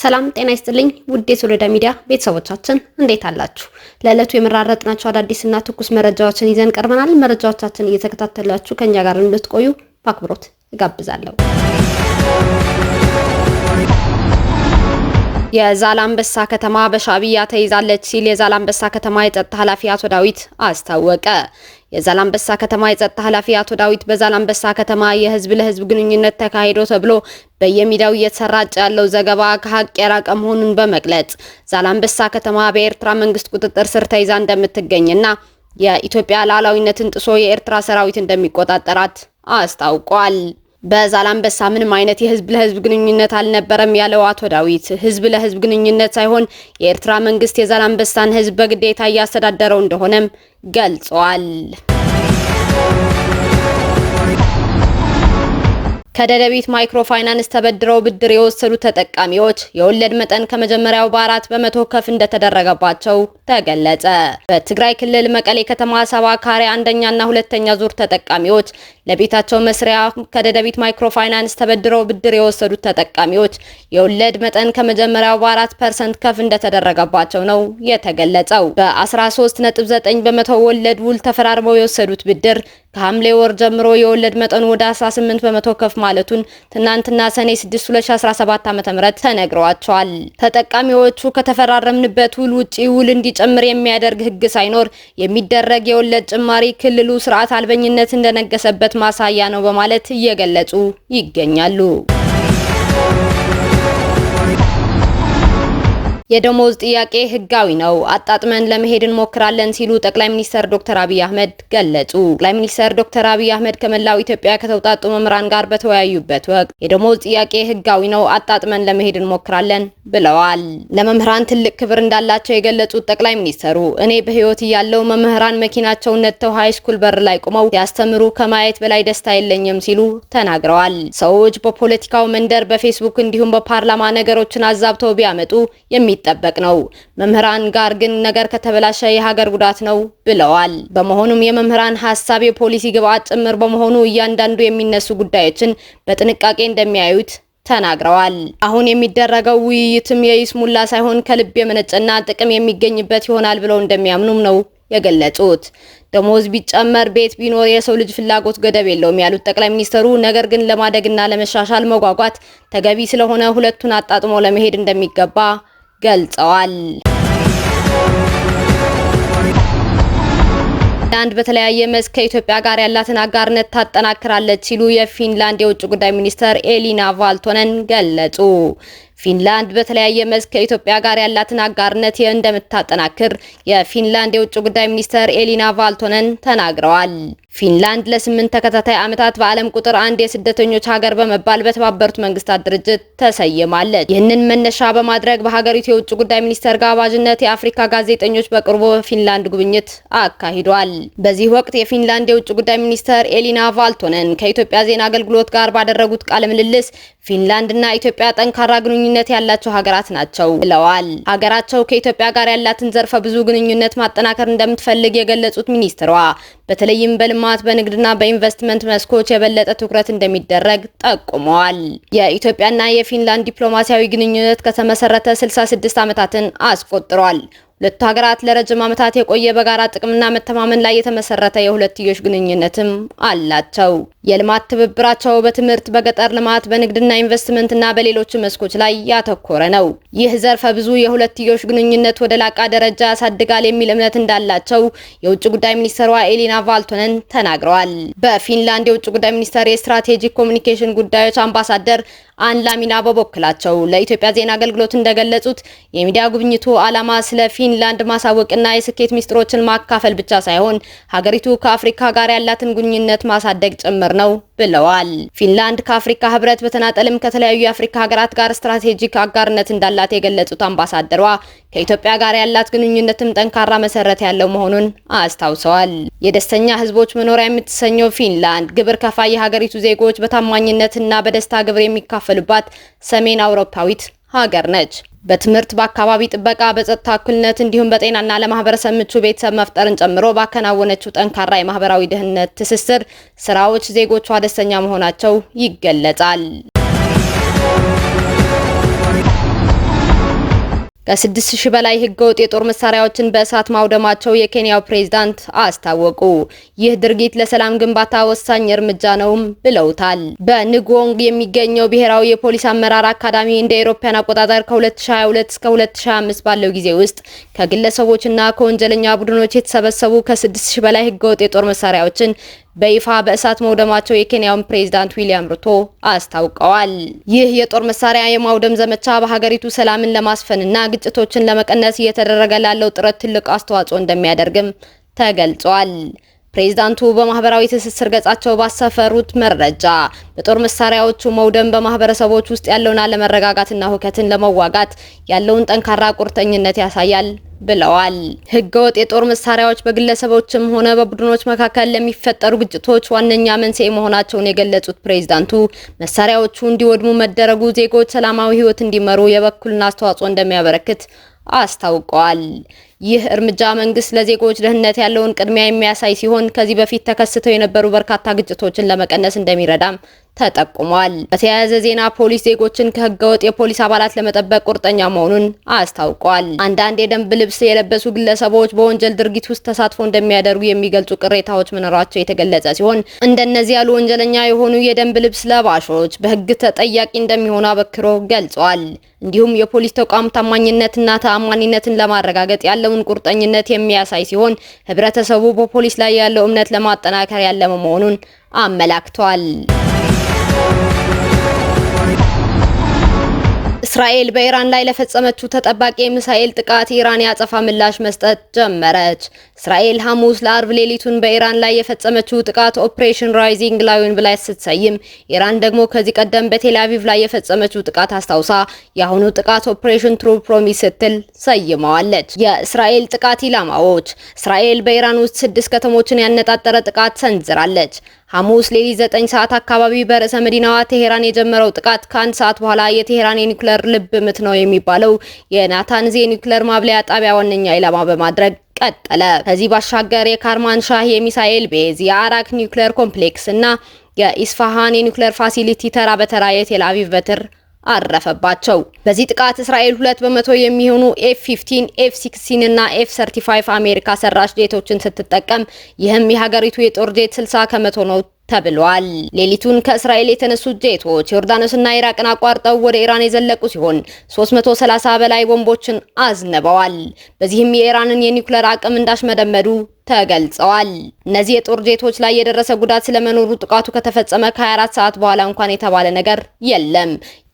ሰላም ጤና ይስጥልኝ ውድ የሶሎዳ ሚዲያ ቤተሰቦቻችን እንዴት አላችሁ? ለዕለቱ የመራረጥናቸው አዳዲስና ትኩስ መረጃዎችን ይዘን ቀርበናል። መረጃዎቻችን እየተከታተላችሁ ከእኛ ጋር እንድትቆዩ በአክብሮት እጋብዛለሁ። የዛላምበሳ ከተማ በሻዕቢያ ተይዛለች ሲል የዛላምበሳ ከተማ የጸጥታ ኃላፊ አቶ ዳዊት አስታወቀ። የዛላምበሳ ከተማ የጸጥታ ኃላፊ አቶ ዳዊት በዛላምበሳ ከተማ የህዝብ ለህዝብ ግንኙነት ተካሂዶ ተብሎ በየሚዲያው እየተሰራጨ ያለው ዘገባ ከሀቅ የራቀ መሆኑን በመግለጽ ዛላምበሳ ከተማ በኤርትራ መንግስት ቁጥጥር ስር ተይዛ እንደምትገኝና የኢትዮጵያ ሉዓላዊነትን ጥሶ የኤርትራ ሰራዊት እንደሚቆጣጠራት አስታውቋል። በዛላምበሳ ምንም አይነት የህዝብ ለህዝብ ግንኙነት አልነበረም ያለው አቶ ዳዊት ህዝብ ለህዝብ ግንኙነት ሳይሆን የኤርትራ መንግስት የዛላንበሳን ህዝብ በግዴታ እያስተዳደረው እንደሆነም ገልጸዋል። ከደደቢት ማይክሮ ፋይናንስ ተበድረው ብድር የወሰዱ ተጠቃሚዎች የወለድ መጠን ከመጀመሪያው በአራት በመቶ ከፍ እንደተደረገባቸው ተገለጸ። በትግራይ ክልል መቀሌ ከተማ ሰባ ካሬ አንደኛና ሁለተኛ ዙር ተጠቃሚዎች ለቤታቸው መስሪያ ከደደቢት ማይክሮ ፋይናንስ ተበድረው ብድር የወሰዱ ተጠቃሚዎች የወለድ መጠን ከመጀመሪያው በአራት ፐርሰንት ከፍ እንደተደረገባቸው ነው የተገለጸው። በ13.9 በመቶ ወለድ ውል ተፈራርመው የወሰዱት ብድር ከሐምሌ ወር ጀምሮ የወለድ መጠኑ ወደ 18 በመቶ ከፍ ማለቱን ትናንትና ሰኔ 6 2017 .ም ተነግሯቸዋል። ተጠቃሚዎቹ ከተፈራረምንበት ውል ውጪ ውል እንዲጨምር የሚያደርግ ሕግ ሳይኖር የሚደረግ የወለድ ጭማሪ ክልሉ ስርዓት አልበኝነት እንደነገሰበት ማሳያ ነው በማለት እየገለጹ ይገኛሉ። የደሞዝ ጥያቄ ህጋዊ ነው፣ አጣጥመን ለመሄድ እንሞክራለን ሲሉ ጠቅላይ ሚኒስተር ዶክተር አብይ አህመድ ገለጹ። ጠቅላይ ሚኒስተር ዶክተር አብይ አህመድ ከመላው ኢትዮጵያ ከተውጣጡ መምህራን ጋር በተወያዩበት ወቅት የደሞዝ ጥያቄ ህጋዊ ነው፣ አጣጥመን ለመሄድ እንሞክራለን ብለዋል። ለመምህራን ትልቅ ክብር እንዳላቸው የገለጹት ጠቅላይ ሚኒስተሩ እኔ በህይወት እያለው መምህራን መኪናቸውን ነጥተው ሃይስኩል በር ላይ ቆመው ያስተምሩ ከማየት በላይ ደስታ የለኝም ሲሉ ተናግረዋል። ሰዎች በፖለቲካው መንደር በፌስቡክ እንዲሁም በፓርላማ ነገሮችን አዛብተው ቢያመጡ የሚ የሚጠበቅ ነው። መምህራን ጋር ግን ነገር ከተበላሸ የሀገር ጉዳት ነው ብለዋል። በመሆኑም የመምህራን ሀሳብ የፖሊሲ ግብዓት ጭምር በመሆኑ እያንዳንዱ የሚነሱ ጉዳዮችን በጥንቃቄ እንደሚያዩት ተናግረዋል። አሁን የሚደረገው ውይይትም የይስሙላ ሳይሆን ከልብ የመነጨና ጥቅም የሚገኝበት ይሆናል ብለው እንደሚያምኑም ነው የገለጹት። ደሞዝ ቢጨመር ቤት ቢኖር የሰው ልጅ ፍላጎት ገደብ የለውም ያሉት ጠቅላይ ሚኒስትሩ፣ ነገር ግን ለማደግና ለመሻሻል መጓጓት ተገቢ ስለሆነ ሁለቱን አጣጥሞ ለመሄድ እንደሚገባ ገልጸዋል። ፊንላንድ በተለያየ መስክ ከኢትዮጵያ ጋር ያላትን አጋርነት ታጠናክራለች ሲሉ የፊንላንድ የውጭ ጉዳይ ሚኒስትር ኤሊና ቫልቶነን ገለጹ። ፊንላንድ በተለያየ መስክ ከኢትዮጵያ ጋር ያላትን አጋርነት እንደምታጠናክር የፊንላንድ የውጭ ጉዳይ ሚኒስትር ኤሊና ቫልቶነን ተናግረዋል። ፊንላንድ ለስምንት ተከታታይ ዓመታት በዓለም ቁጥር አንድ የስደተኞች ሀገር በመባል በተባበሩት መንግስታት ድርጅት ተሰይማለች። ይህንን መነሻ በማድረግ በሀገሪቱ የውጭ ጉዳይ ሚኒስተር ጋባዥነት የአፍሪካ ጋዜጠኞች በቅርቡ በፊንላንድ ጉብኝት አካሂዷል። በዚህ ወቅት የፊንላንድ የውጭ ጉዳይ ሚኒስተር ኤሊና ቫልቶነን ከኢትዮጵያ ዜና አገልግሎት ጋር ባደረጉት ቃለ ምልልስ ፊንላንድና ኢትዮጵያ ጠንካራ ግንኙነት ያላቸው ሀገራት ናቸው ብለዋል። ሀገራቸው ከኢትዮጵያ ጋር ያላትን ዘርፈ ብዙ ግንኙነት ማጠናከር እንደምትፈልግ የገለጹት ሚኒስትሯ በተለይም በልማት በንግድና በኢንቨስትመንት መስኮች የበለጠ ትኩረት እንደሚደረግ ጠቁመዋል። የኢትዮጵያና የፊንላንድ ዲፕሎማሲያዊ ግንኙነት ከተመሰረተ 66 ዓመታትን አስቆጥሯል። ሁለቱ ሀገራት ለረጅም ዓመታት የቆየ በጋራ ጥቅምና መተማመን ላይ የተመሰረተ የሁለትዮሽ ግንኙነትም አላቸው። የልማት ትብብራቸው በትምህርት፣ በገጠር ልማት፣ በንግድና ኢንቨስትመንት እና በሌሎች መስኮች ላይ ያተኮረ ነው። ይህ ዘርፈ ብዙ የሁለትዮሽ ግንኙነት ወደ ላቃ ደረጃ ያሳድጋል የሚል እምነት እንዳላቸው የውጭ ጉዳይ ሚኒስትሯ ኤሊና ቫልቶነን ተናግረዋል። በፊንላንድ የውጭ ጉዳይ ሚኒስቴር የስትራቴጂክ ኮሚኒኬሽን ጉዳዮች አምባሳደር አንላሚና በበኩላቸው ለኢትዮጵያ ዜና አገልግሎት እንደገለጹት የሚዲያ ጉብኝቱ ዓላማ ስለ ፊንላንድ ማሳወቅና የስኬት ሚስጥሮችን ማካፈል ብቻ ሳይሆን ሀገሪቱ ከአፍሪካ ጋር ያላትን ግንኙነት ማሳደግ ጭምር ነው ብለዋል። ፊንላንድ ከአፍሪካ ህብረት በተናጠልም ከተለያዩ የአፍሪካ ሀገራት ጋር ስትራቴጂክ አጋርነት እንዳላት የገለጹት አምባሳደሯ ከኢትዮጵያ ጋር ያላት ግንኙነትም ጠንካራ መሰረት ያለው መሆኑን አስታውሰዋል። የደስተኛ ህዝቦች መኖሪያ የምትሰኘው ፊንላንድ ግብር ከፋይ የሀገሪቱ ዜጎች በታማኝነትና በደስታ ግብር የሚካፈል የሚከፈልባት ሰሜን አውሮፓዊት ሀገር ነች። በትምህርት፣ በአካባቢ ጥበቃ፣ በጸጥታ እኩልነት እንዲሁም በጤናና ለማህበረሰብ ምቹ ቤተሰብ መፍጠርን ጨምሮ ባከናወነችው ጠንካራ የማህበራዊ ደህንነት ትስስር ስራዎች ዜጎቿ ደስተኛ መሆናቸው ይገለጻል። ከስድስት ሺህ በላይ ህገወጥ የጦር መሳሪያዎችን በእሳት ማውደማቸው የኬንያው ፕሬዝዳንት አስታወቁ። ይህ ድርጊት ለሰላም ግንባታ ወሳኝ እርምጃ ነውም ብለውታል። በንጎንግ የሚገኘው ብሔራዊ የፖሊስ አመራር አካዳሚ እንደ አውሮፓውያን አቆጣጠር ከ2022 እስከ 2025 ባለው ጊዜ ውስጥ ከግለሰቦችና ከወንጀለኛ ቡድኖች የተሰበሰቡ ከስድስት ሺህ በላይ ህገወጥ የጦር መሳሪያዎችን በይፋ በእሳት መውደማቸው የኬንያውን ፕሬዝዳንት ዊሊያም ሩቶ አስታውቀዋል። ይህ የጦር መሳሪያ የማውደም ዘመቻ በሀገሪቱ ሰላምን ለማስፈንና ግጭቶችን ለመቀነስ እየተደረገ ላለው ጥረት ትልቅ አስተዋጽኦ እንደሚያደርግም ተገልጿል። ፕሬዝዳንቱ በማህበራዊ ትስስር ገጻቸው ባሰፈሩት መረጃ በጦር መሳሪያዎቹ መውደም በማህበረሰቦች ውስጥ ያለውን አለመረጋጋትና ሁከትን ለመዋጋት ያለውን ጠንካራ ቁርጠኝነት ያሳያል ብለዋል። ህገወጥ የጦር መሳሪያዎች በግለሰቦችም ሆነ በቡድኖች መካከል ለሚፈጠሩ ግጭቶች ዋነኛ መንስኤ መሆናቸውን የገለጹት ፕሬዝዳንቱ መሳሪያዎቹ እንዲወድሙ መደረጉ ዜጎች ሰላማዊ ህይወት እንዲመሩ የበኩልን አስተዋጽኦ እንደሚያበረክት አስታውቀዋል። ይህ እርምጃ መንግስት ለዜጎች ደህንነት ያለውን ቅድሚያ የሚያሳይ ሲሆን ከዚህ በፊት ተከስተው የነበሩ በርካታ ግጭቶችን ለመቀነስ እንደሚረዳም ተጠቁሟል። በተያያዘ ዜና ፖሊስ ዜጎችን ከህገወጥ የፖሊስ አባላት ለመጠበቅ ቁርጠኛ መሆኑን አስታውቋል። አንዳንድ የደንብ ልብስ የለበሱ ግለሰቦች በወንጀል ድርጊት ውስጥ ተሳትፎ እንደሚያደርጉ የሚገልጹ ቅሬታዎች መኖራቸው የተገለጸ ሲሆን እንደነዚህ ያሉ ወንጀለኛ የሆኑ የደንብ ልብስ ለባሾች በህግ ተጠያቂ እንደሚሆኑ አበክሮ ገልጿል። እንዲሁም የፖሊስ ተቋም ታማኝነትና ተአማኒነትን ለማረጋገጥ ያለውን ቁርጠኝነት የሚያሳይ ሲሆን ህብረተሰቡ በፖሊስ ላይ ያለው እምነት ለማጠናከር ያለመ መሆኑን አመላክቷል። እስራኤል በኢራን ላይ ለፈጸመችው ተጠባቂ የሚሳኤል ጥቃት ኢራን የአጸፋ ምላሽ መስጠት ጀመረች። እስራኤል ሐሙስ ለአርብ ሌሊቱን በኢራን ላይ የፈጸመችው ጥቃት ኦፕሬሽን ራይዚንግ ላዮን ብላ ስትሰይም፣ ኢራን ደግሞ ከዚህ ቀደም በቴልአቪቭ ላይ የፈጸመችው ጥቃት አስታውሳ የአሁኑ ጥቃት ኦፕሬሽን ትሩ ፕሮሚስ ስትል ሰይመዋለች። የእስራኤል ጥቃት ኢላማዎች እስራኤል በኢራን ውስጥ ስድስት ከተሞችን ያነጣጠረ ጥቃት ሰንዝራለች። ሐሙስ ሌሊት 9 ሰዓት አካባቢ በርዕሰ መዲናዋ ቴሄራን የጀመረው ጥቃት ከአንድ ሰዓት በኋላ የቴሄራን የኒውክለር ልብ ምት ነው የሚባለው የናታንዝ የኒውክሌር ማብለያ ጣቢያ ዋነኛ ኢላማ በማድረግ ቀጠለ። ከዚህ ባሻገር የካርማን ሻህ የሚሳኤል ቤዝ፣ የአራክ ኒውክሌር ኮምፕሌክስ እና የኢስፋሃን የኒውክለር ፋሲሊቲ ተራ በተራ የቴል አቪቭ በትር አረፈባቸው። በዚህ ጥቃት እስራኤል ሁለት በመቶ የሚሆኑ ኤፍ 15 ኤፍ 16 እና ኤፍ 35 አሜሪካ ሰራሽ ጄቶችን ስትጠቀም ይህም የሀገሪቱ የጦር ጄት 60 ከመቶ ነው ተብሏል። ሌሊቱን ከእስራኤል የተነሱት ጄቶች ዮርዳኖስና ኢራቅን አቋርጠው ወደ ኢራን የዘለቁ ሲሆን 330 በላይ ቦምቦችን አዝንበዋል። በዚህም የኢራንን የኒውክለር አቅም እንዳሽመደመዱ ተገልጸዋል። እነዚህ የጦር ጄቶች ላይ የደረሰ ጉዳት ስለመኖሩ ጥቃቱ ከተፈጸመ ከ24 ሰዓት በኋላ እንኳን የተባለ ነገር የለም።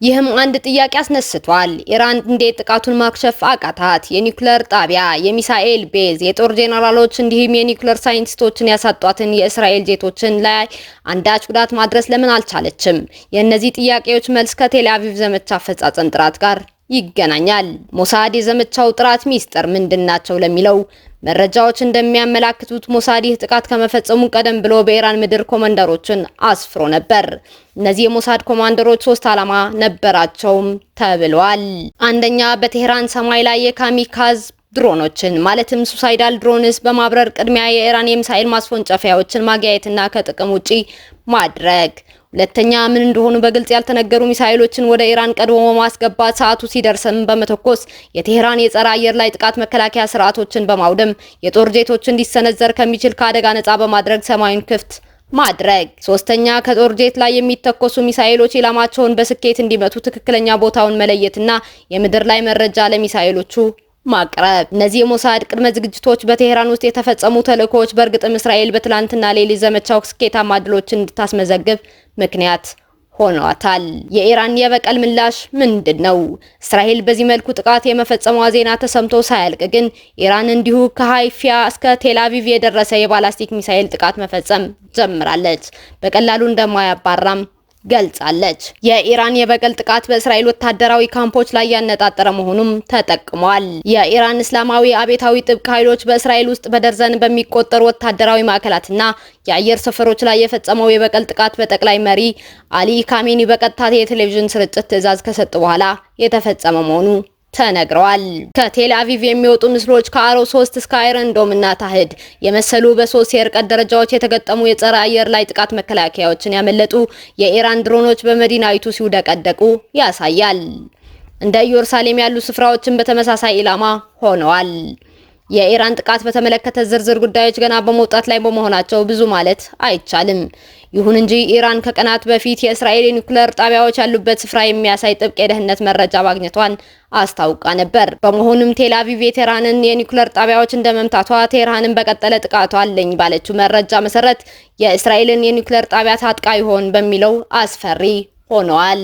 ይህም አንድ ጥያቄ አስነስቷል። ኢራን እንዴት ጥቃቱን ማክሸፍ አቃታት? የኒውክሌር ጣቢያ፣ የሚሳኤል ቤዝ፣ የጦር ጄኔራሎች እንዲሁም የኒውክሌር ሳይንቲስቶችን ያሳጧትን የእስራኤል ጄቶችን ላይ አንዳች ጉዳት ማድረስ ለምን አልቻለችም? የእነዚህ ጥያቄዎች መልስ ከቴል ዘመቻ አፈጻጸም ጥራት ጋር ይገናኛል። ሞሳድ የዘመቻው ጥራት ሚስጥር ምንድናቸው ለሚለው መረጃዎች እንደሚያመላክቱት ሞሳድ ይህ ጥቃት ከመፈጸሙ ቀደም ብሎ በኢራን ምድር ኮማንደሮችን አስፍሮ ነበር። እነዚህ የሞሳድ ኮማንደሮች ሶስት ዓላማ ነበራቸውም ተብሏል። አንደኛ በቴህራን ሰማይ ላይ የካሚካዝ ድሮኖችን ማለትም ሱሳይዳል ድሮንስ በማብረር ቅድሚያ የኢራን የሚሳኤል ማስወንጨፊያዎችን ማግያየትና ከጥቅም ውጪ ማድረግ ሁለተኛ ምን እንደሆኑ በግልጽ ያልተነገሩ ሚሳኤሎችን ወደ ኢራን ቀድሞ በማስገባት ሰዓቱ ሲደርስም በመተኮስ የቴህራን የጸረ አየር ላይ ጥቃት መከላከያ ስርዓቶችን በማውደም የጦር ጄቶች እንዲሰነዘር ከሚችል ከአደጋ ነጻ በማድረግ ሰማዩን ክፍት ማድረግ። ሶስተኛ ከጦር ጄት ላይ የሚተኮሱ ሚሳኤሎች ኢላማቸውን በስኬት እንዲመቱ ትክክለኛ ቦታውን መለየትና የምድር ላይ መረጃ ለሚሳኤሎቹ ማቅረብ። እነዚህ የሞሳድ ቅድመ ዝግጅቶች በቴሄራን ውስጥ የተፈጸሙ ተልእኮዎች በእርግጥም እስራኤል በትላንትና ሌሊት ዘመቻው ስኬታማ ድሎችን እንድታስመዘግብ ምክንያት ሆኗታል። የኢራን የበቀል ምላሽ ምንድን ነው? እስራኤል በዚህ መልኩ ጥቃት የመፈጸሟ ዜና ተሰምቶ ሳያልቅ ግን ኢራን እንዲሁ ከሃይፊያ እስከ ቴላቪቭ የደረሰ የባላስቲክ ሚሳኤል ጥቃት መፈጸም ጀምራለች። በቀላሉ እንደማያባራም ገልጻለች። የኢራን የበቀል ጥቃት በእስራኤል ወታደራዊ ካምፖች ላይ ያነጣጠረ መሆኑም ተጠቅሟል። የኢራን እስላማዊ አቤታዊ ጥብቅ ኃይሎች በእስራኤል ውስጥ በደርዘን በሚቆጠሩ ወታደራዊ ማዕከላትና የአየር ሰፈሮች ላይ የፈጸመው የበቀል ጥቃት በጠቅላይ መሪ አሊ ካሜኒ በቀጥታ የቴሌቪዥን ስርጭት ትዕዛዝ ከሰጡ በኋላ የተፈጸመ መሆኑ ተነግረዋል። ከቴል አቪቭ የሚወጡ ምስሎች ከአሮ 3 እስከ አይረን ዶም እና ታህድ የመሰሉ በሶስት የርቀት ደረጃዎች የተገጠሙ የጸረ አየር ላይ ጥቃት መከላከያዎችን ያመለጡ የኢራን ድሮኖች በመዲናይቱ ሲውደቀደቁ ያሳያል። እንደ ኢየሩሳሌም ያሉ ስፍራዎችን በተመሳሳይ ኢላማ ሆነዋል። የኢራን ጥቃት በተመለከተ ዝርዝር ጉዳዮች ገና በመውጣት ላይ በመሆናቸው ብዙ ማለት አይቻልም። ይሁን እንጂ ኢራን ከቀናት በፊት የእስራኤል ኒውክሌር ጣቢያዎች ያሉበት ስፍራ የሚያሳይ ጥብቅ የደህንነት መረጃ ማግኘቷን አስታውቃ ነበር። በመሆኑም ቴላቪቭ የቴህራንን የኒውክሌር ጣቢያዎች እንደመምታቷ ቴህራንን በቀጠለ ጥቃቷ አለኝ ባለችው መረጃ መሰረት የእስራኤልን የኒውክሌር ጣቢያ ታጥቃ ይሆን በሚለው አስፈሪ ሆነዋል።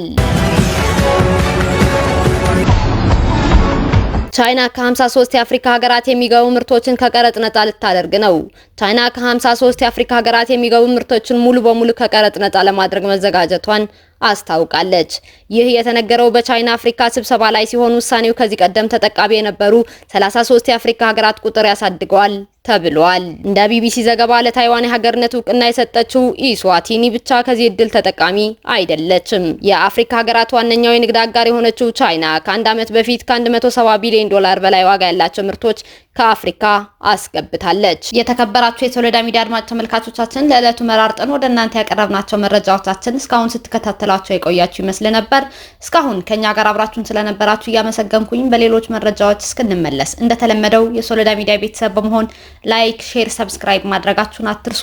ቻይና ከ53 የአፍሪካ ሀገራት የሚገቡ ምርቶችን ከቀረጥ ነጻ ልታደርግ ነው። ቻይና ከ53 የአፍሪካ ሀገራት የሚገቡ ምርቶችን ሙሉ በሙሉ ከቀረጥ ነጻ ለማድረግ መዘጋጀቷን አስታውቃለች። ይህ የተነገረው በቻይና አፍሪካ ስብሰባ ላይ ሲሆን ውሳኔው ከዚህ ቀደም ተጠቃሚ የነበሩ 33 የአፍሪካ ሀገራት ቁጥር ያሳድገዋል ተብሏል። እንደ ቢቢሲ ዘገባ ለታይዋን የሀገርነት እውቅና የሰጠችው ኢስዋቲኒ ብቻ ከዚህ እድል ተጠቃሚ አይደለችም። የአፍሪካ ሀገራት ዋነኛው የንግድ አጋር የሆነችው ቻይና ከአንድ ዓመት በፊት ከ170 ቢሊዮን ዶላር በላይ ዋጋ ያላቸው ምርቶች ከአፍሪካ አስገብታለች። የተከበራችሁ የሶሎዳ ሚዲያ አድማጭ ተመልካቾቻችን ለዕለቱ መራርጠን ወደ እናንተ ያቀረብናቸው መረጃዎቻችን እስካሁን ስትከታተላቸው የቆያችሁ ይመስል ነበር። እስካሁን ከኛ ጋር አብራችሁን ስለነበራችሁ እያመሰገንኩኝ በሌሎች መረጃዎች እስክንመለስ እንደተለመደው የሶሎዳ ሚዲያ ቤተሰብ በመሆን ላይክ፣ ሼር፣ ሰብስክራይብ ማድረጋችሁን አትርሱ።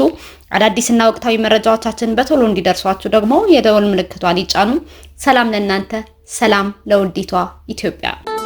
አዳዲስና ወቅታዊ መረጃዎቻችን በቶሎ እንዲደርሷችሁ ደግሞ የደወል ምልክቷን ይጫኑ። ሰላም ለእናንተ፣ ሰላም ለውዲቷ ኢትዮጵያ።